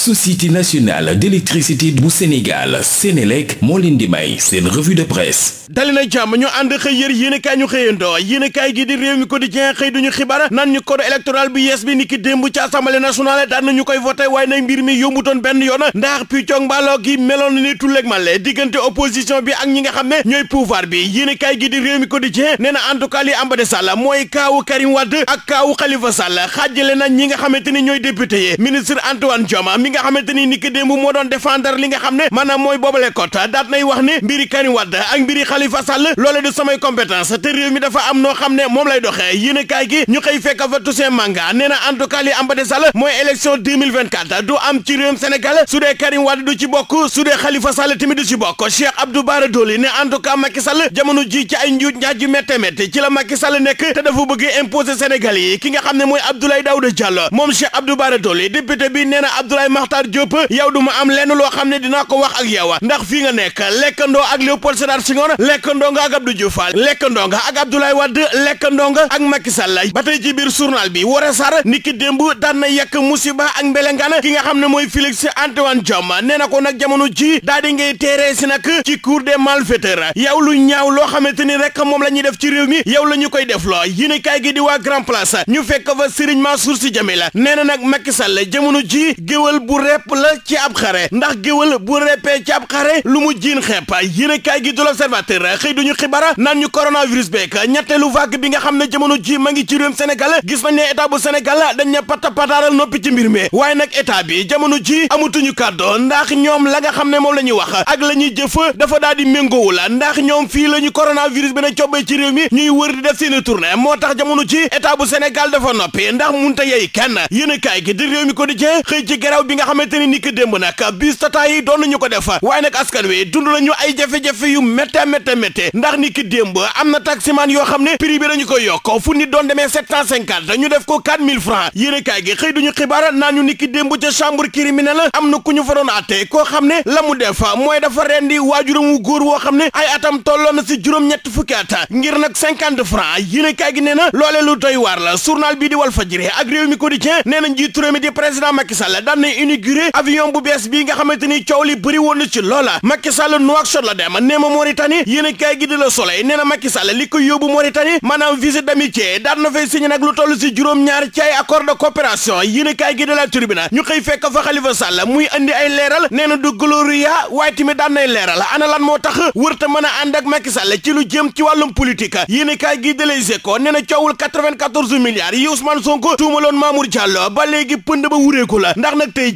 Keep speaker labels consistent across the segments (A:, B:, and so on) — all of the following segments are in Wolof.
A: société nationale d'électricité bu Sénégal Sénélec moo leen di may seen revue de presse dali na jàmm ñu ànd xëy yër yéenekaay ñu xëyandoo yéenekaay gi di réew mi quotidien xëy duñu xibaar nan ñu code électoral bu yees bi niki démb ci assemblée nationale daan nañu koy voté waaye nag mbir mi yombutoon benn yoon ndax puccog mbaaloo gi meloon ni tulleeg male diggante opposition bi ak ñi nga xam ne ñooy pouvoir bi yéenekaay gi di réew mi quotidien nee na en li ambade Sall mooy na ñi nga xamante ni ñooy député yi ministre mi nga xamante ni ni ki démb moo doon défendre li nga xam ne mooy boobale kot daat nay wax ne mbiri Karim Wade ak mbiri Khalifa loole du samay compétence te réew mi dafa am noo xam ne moom lay doxee yéen a kaay gi ñu xëy fekk fa Toussaint Manga nee na en tout cas li am ba des sall mooy élection 2024 du am ci réewum Sénégal su dee du ci bokk su dee Khalifa du ci bokk Cheikh Abdou Bara Dolly ne en tout cas Macky ji ci ay njuuj njaaj yu ki nga xam mooy Makhtar Diop yow du ma am lenn loo xam ne dinaa ko wax ak yow ndax fii nga nekk lekkandoo ak Léopold Sédar Senghor lekkandoo nga ak Abdou Diouf lekkandoo nga ak Abdoulaye Wade lekkandoo nga ak Macky Sall ba tey ci biir journal bi Woré Sarr niki démb daan na yekk musiba ak mbelengaan ki nga xam ne mooy Félix Antoine Diome nee na ko nag jamono ji daa di ngay teeree si nag ci cour des malfaiteurs yow lu ñaaw loo xamante ni rek moom la ñuy def ci réew mi yow la ñu koy def loo yéen kaay gi di waa Grand Place ñu fekk fa Serigne Mansour Sy nee na nag Macky Sall jamono ji géwal bu repp la ci ab xare ndax géwal bu reppee ci ab xare lu mu jiin xepp yéen kaay gi du l'observateur xëy duñu xibara naan ñu coronavirus beek ñetteelu vague bi nga xam ne jamono jii ma ngi ci réewum Sénégal gis nañ ne état bu Sénégal dañ ne pata pataaral noppi ci mbir mi waaye nag état bi jamono ji amutuñu kàddu ndax ñoom la nga xam ne moom la ñuy wax ak la ñuy jëf dafa daal di méngoowu la ndax ñoom fii la ñu coronavirus bi ne cobbee ci réew mi ñuy wër di def seeni tournée moo tax jamono ji état bu Sénégal dafa noppi ndax munta yey kenn yéen kaay gi di di xëy nga xamante ni ni ki démb nag bus tata yi doon nañu ko def waaye nag askan wi dund nañu ay jafe-jafe yu métte métte ndax ni ki démb am na taximaan yoo xam ne prix bi dañu ko yokk fu nit doon demee sept cent cinquante ñu def ko quatre mille francs yéene kaay gi xëy duñu xibaar naa ñu ni ki démb ca chambre criminelle am na ku ñu fa doon àtte koo xam ne la mu def mooy dafa rendi waajuram wu góor woo xam ne ay atam tolloon na si juróom ñetti fukki at ngir nag cinquante francs gi nee na loolee lu doy waar la journal bii di Walf Fadjri ak réew mi nee na njiitu réew mi di président Macky Sall daan inauguré avion bu bees nga xamante ni coow li ci loola Macky Sall Nouakchott la dem nee ma Mauritanie yéen a kaay la Soleil nee na Macky li ko yóbbu Mauritanie maanaam visite d'amitié daan na fay signé nag lu toll si juróom-ñaar ci ay accord de coopération yéen a kaay gi de la Tribune ñu xëy fekk fa Khalifa Sall muy andi ay leeral nee du gloria waaye tamit nay leeral ana lan moo tax wërta mën a ànd ak Macky ci lu jëm ci wàllum politique a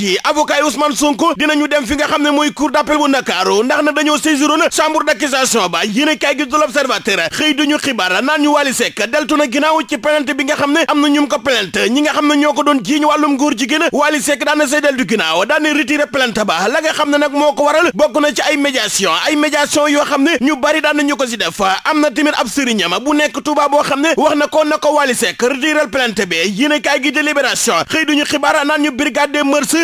A: ji avocat yi Ousmane Sonko dinañu dem fi nga xam ne mooy cour d'appel bu Ndakaaru ndax na dañoo saisiroon chambre d'accusation ba yéen kay gi du l'Observateur xëy duñu xibaar naan ñu Wally Seck deltu na ginnaaw ci plainte bi nga xam ne am na ñum ko plainte ñi nga xam ne ñoo ko doon jiiñ wàllum góor jigéen Wally Seck daan na deltu ginnaaw daan na retiré ba la xam ne nag moo ko waral bokk na ci ay médiation ay médiation yoo xam ne ñu bari daan na ñu ko si def am na nekk Touba boo xam ne wax na ko na ko Wally Seck retiré plainte bi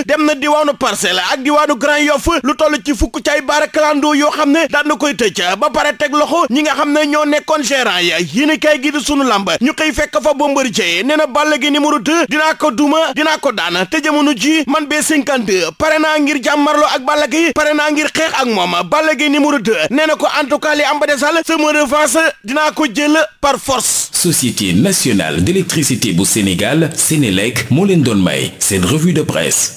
A: dem na diwaanu parcelle ak diwaanu gran Yoff lu toll ci fukk ci ay baara clando yoo xam ne daan na koy tëj ba pare teg loxo ñi nga xam ne ñoo nekkoon gérant ya yéen a kaay gi di sunu lamb ñu koy fekk fa Bombardier nee na Balla Gaye numéro 2 dinaa ko duma dinaa ko daan te jamono ji man bee 52 pare naa ngir jàmmarloo ak Balla Gaye pare naa ngir xeex ak moom Balla Gaye numéro 2 nee na ko en tout cas li am ba desal sama revanche dinaa ko jël par force. Société nationale d'électricité bu Sénégal Sénélec moo leen doon may seen revue de presse.